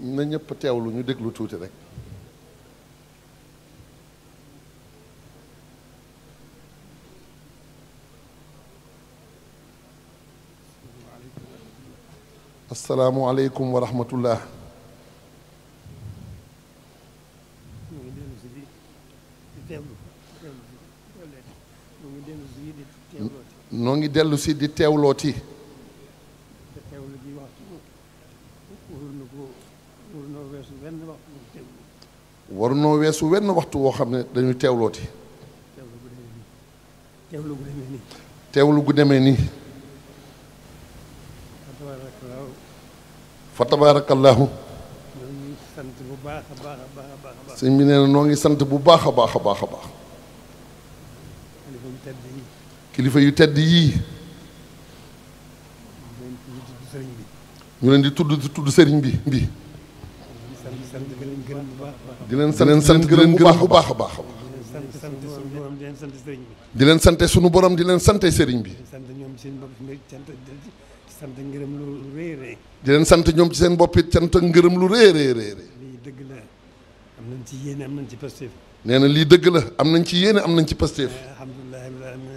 na ñëpp teewlu ñu déglu tuuti rek asalaamualeykum wa rahmatullah noo ngi dellusi di teewlooti waru noo weesu wenn waxtu woo xam ne dañu teewlooti teewlu bu demee nii fa tabaarakallaahu sëñ bi nee na noo ngi sant bu baax a baax a baax a baax kilifa yu tedd yii ñu leen di tudd tudd sëriñ bi bi sant di leen gërëm bu baax a baax. di sant di leen sant gërëm bu baax a baax a baax. di leen sant sunu borom di leen sant sëriñ bi. di leen sant ñoom ci seen bopp sant ngërëm lu rëy rëy. di leen sant ñoom ci seen bopp it sant ngërëm lu rëy rëy rëy. lii dëgg la am nañ ci yéene am nañ ci pasteef. nee na lii dëgg la am nañ ci yéene am nañ ci pasteef. Eh, alhamdulilah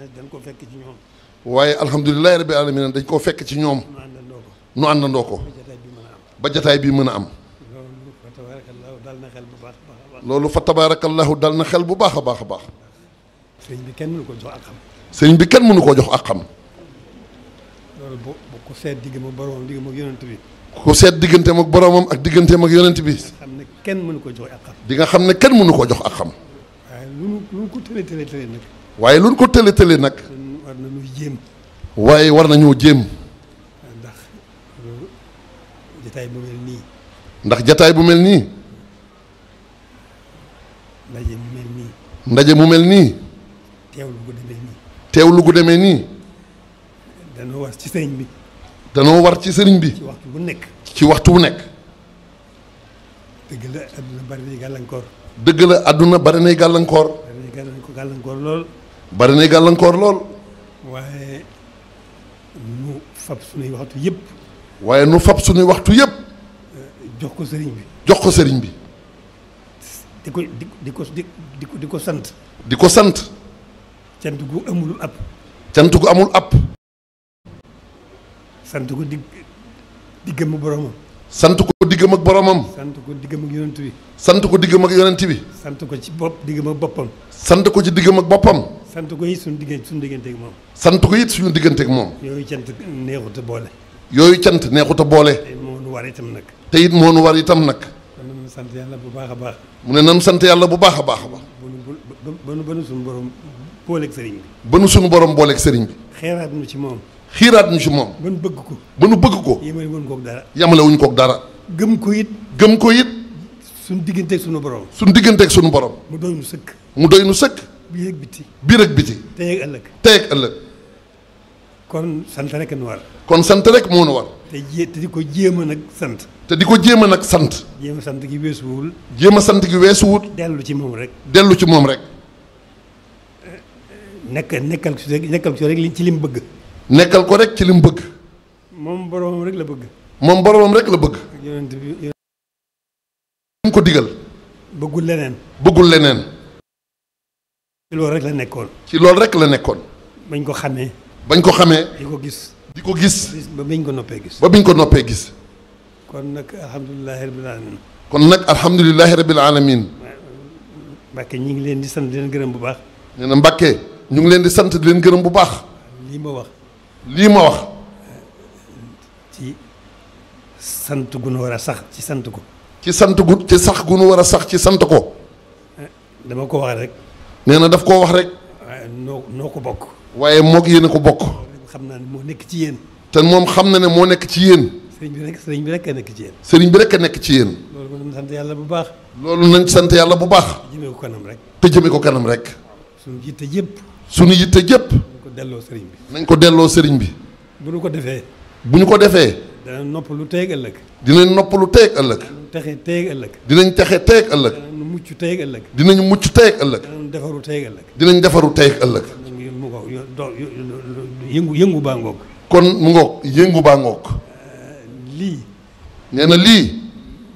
rabbil alamin dañ koo fekk ci ñoom. waaye alhamdulilah rabbil alamin dañ koo fekk ci ñoom. nu àndandoo ko. nu àndandoo ko. ba jataay bi mën a am. loolu fa tabaarakallahu dal na xel bu baax a baax a baax. sëñ bi kenn mënu ko jox ak xam. sëñ bi kenn mënu ko jox ak xam. loolu bu ku seet diggante ak boromam diggante ak yonent bi. ku seet digganteem ak boromam ak digganteem ak yonent bi. xam ne kenn mënu ko jox ak xam. di xam ne kenn mënu ko jox ak xam. waaye lu nu ko tële tële tële nag. waaye lu nu ko tële tële nag. war nañu jéem. waaye war nañoo jéem. ndax jataay bu mel nii. ndax jataay bu mel nii. ndaje mu mel nii. ndaje mu mel nii. teewlu gu demee nii. teewlu gu demee nii. danoo war ci sëriñ bi. danoo war ci sëriñ bi. ci waxtu bu nekk. ci waxtu bu nekk. dëgg la àdduna bari nay gàllankoor. dëgg la àdduna bari nay gàllankoor. bari nay gàllankoor lool. bari nay gàllankoor lool. waaye nu fab sunuy waxtu yëpp. waaye nu fab sunuy waxtu yëpp. Eh, jox ko sëriñ bi. jox ko sëriñ bi. di ko di di ko di ko di ko sant. di ko sant. cant gu amul ab. cant gu amul ab. sant ko dig diggam ak boromam. sant ko diggam ak boromam. sant ko diggam ak yonent bi. sant ko diggam ak yonent bi. sant ko ci bopp diggam ak boppam. sant ko ci diggam ak boppam. sant ko it suñu diggante suñu diggante moom. sant ko it suñu diggante ak moom. yooyu cant neexut a boole. yooyu cant neexut a boole. te it moo nu war itam nag. te it moo nu itam nag. sant yàlla bu baax a baax. mu ne nan sant yàlla bu baax a baax a baax. ba nu ba nu suñu borom booleeg sëriñ bi. ba nu suñu borom booleeg sëriñ bi. xeeraat nu ci moom. xiiraat ñu ci moom. ba nu bëgg ko. ba nu bëgg ko. yamale wuñ koog dara. yamale wuñ koog dara. gëm ko it. gëm ko it. suñ digganteeg suñu borom. suñu digganteeg suñu borom. mu doy nu sëkk. mu doy nu sëkk. biir ak biti. biir ak biti. tey ak ëllëg. tey ëllëg. kon sant rek nu war. kon sant rek moo nu war. te di ko jéem a nag sant. te di ko jéem a nag sant. jéem sant gi weesuwul. jéem a sant gi weesuwul. dellu ci moom rek. dellu ci moom rek. nekk nekkal ko rek nekkal ko rek ci lim bëgg. nekkal ko rek ci lim bëgg. moom boromam rek la bëgg. moom boromam rek la bëgg. yonent bi ko digal. bëggul leneen. bëggul leneen. ci loolu rek la nekkoon. ci loolu rek la nekkoon. bañ ko xamee. bañ ko xamee. di ko gis. di ko gis. ba biñ ko noppee gis. ba biñ ko noppee gis. kon nag alhamdulilah rabil aalamiin. kon nag alhamdulilah rabil aalamiin. Mbacke ñu ngi leen di sant leen gërëm bu baax. na Mbacke ñu ngi leen di sant di leen gërëm bu baax. lii ma wax. lii ma wax. ci sant gu nu war a sax ci sant ko. ci sant gu ci sax gunu war a sax ci sant ko. Eh, dama ko wax rek. nee na daf koo wax rek. waaye noo noo ko bokk. waaye moog yéen a ko bokk. xam naa ne moo nekk ci yéen. te moom xam na ne moo nekk ci yéen. sëriñ bi rek sëriñ bi rek a nekk ci yéen. sëriñ bi rek a nekk ci yéen. loolu nañ sant yàlla bu baax. loolu nañ sant yàlla bu baax. te jëmee ko kanam rek. te jëmee ko kanam rek. suñu yitte jëpp. suñu yitte jëpp. nañ ko delloo sëriñ bi. nañ ko delloo sëriñ bi. bu ñu ko defee. bu ñu ko defee. dana noppalu teeg ëllëg. dinañ noppalu teeg ëllëg. dinañ texe teeg ëllëg. dinañ texe teeg ëllëg. dinañ mucc teeg ëllëg. dinañu mucc teeg ëllëg. defaru teeg dinañ defaru teeg ëllëg. do yëngu yëngu baa ngoog kon mu ngoog yëngu baa ngoog euh, lii nee na lii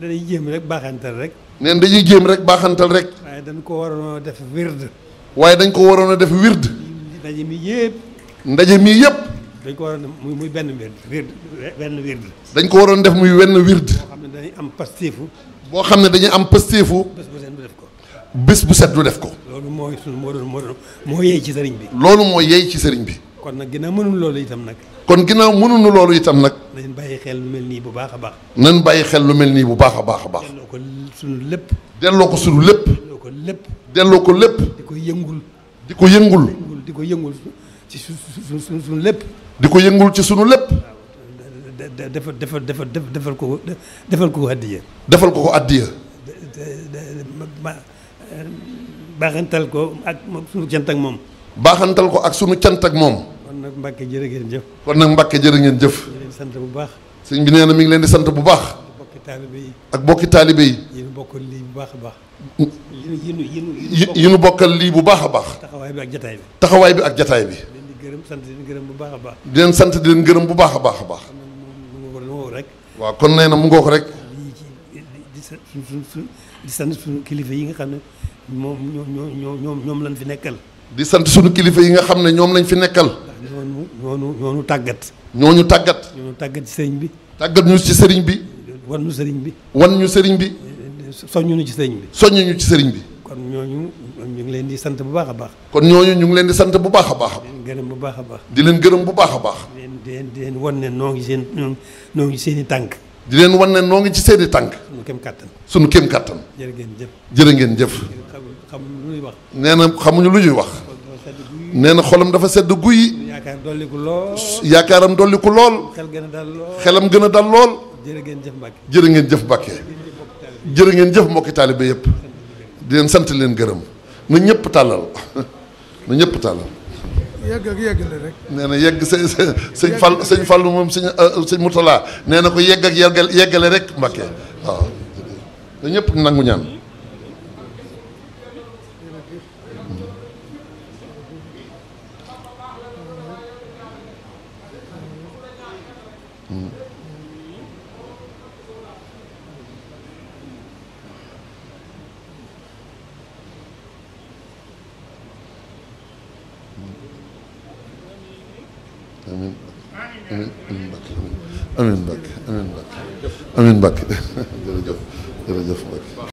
dañuy jéem rek baaxantal rek nee dañuy jéem rek baaxantal rek waaye dañ ko waroon a def wird waaye dañ ko waroon a def wird ndaje mi yëpp mi yëpp dañ ko waroon def muy muy benn wird benn wird dañ ko waroon def muy wenn wird boo xam ne dañuy am pastéefu boo xam ne dañuy am pastéefu bés bu def ko bés bu set du def ko mooy moo doon moo doon moo yey ci sëriñ bi. loolu moo yey ci sëriñ bi. kon nag ginnaaw mënuñu loolu itam nag. kon ginnaaw mënuñu loolu itam nag. nañ bàyyi xel lu mel nii bu baax a baax. nañ bàyyi xel lu mel nii bu baax a baax a baax. delloo ko sunu lépp. delloo ko sunu lépp. delloo lépp. delloo ko lépp. di ko yëngul. di ko yëngul. di ko yëngul ci su su sunu lépp. di ko yëngul ci sunu lépp. defal defal defal defal ko ko defal ko ko addiya. defal ko ko addiya. baaxantal ko ak sunu cant ak moom. baaxantal ko ak sunu cant ak moom. kon nag Mbacke jërë ngeen jëf. kon nag Mbacke jërë ngeen jëf. ñu sant bu baax. sëñ bi nee na mi ngi leen di sant bu baax. ak bokki taalibe yi. yi nu bokkal lii bu baax a baax. yi nu yi nu bokkal lii bu baax a baax. taxawaay bi ak taxawaay bi ak jataay bi. di leen sant di leen gërëm bu baax a baax. di sant di leen gërëm bu baax a baax a baax. waaw kon nee na mu ngoog rek. di sant suñu kilifa yi nga xam ne moom ñoo ñoo ñoom lañ fi nekkal. di sant suñu kilifa yi nga xam ne ñoom lañ fi nekkal. ndax ñooñu ñooñu ñooñu tàggat. ñooñu tàggat. ñooñu tàggat ci sëriñ bi. tàggat ñu ci sëriñ bi. wan ñu sëriñ bi. wan ñu sëriñ bi. soññu ñu ci sëriñ bi. soññu ñu ci sëriñ bi. kon ñooñu ñu ngi leen di sant bu baax a baax. kon ñooñu ñu ngi leen di sant bu baax a baax. di leen gërëm bu baax a baax. di leen gërëm bu baax a baax. leen di leen di leen wan ne noo ngi seen noo tànk. di leen wan ne noo ngi ci seen i tànk. sunu kem kattan. sunu kéem kattan. jër ngeen jëf. jërë ngeen jëf. xamuñu lu wax. nee na xamuñu lu ñuy wax. nee na xolam dafa sedd guy. yaakaar dolliku lool. yaakaaram dolliku lool. xel gën a xelam gën a dal lool. jërë ngeen jëf Mbacke. jërë ngeen jëf Mbacke. jërë ngeen jëf mbokki taalibe yëpp. di leen sant leen gërëm. na ñëpp tàllal na ñëpp tàllal. yegg yegg la rek. nee na yegg sëñ sëñ sëñ Fall moom sëñ euh, euh, sëñ Moutala nee na ko yegg ak yeggal yeggale rek mbakke waaw na ñëpp nangu ñaan. amiin amiin Mbacke amiin Mbacke amiin Mbacke amiin Mbacke jërëjëf jërëjëf Mbacke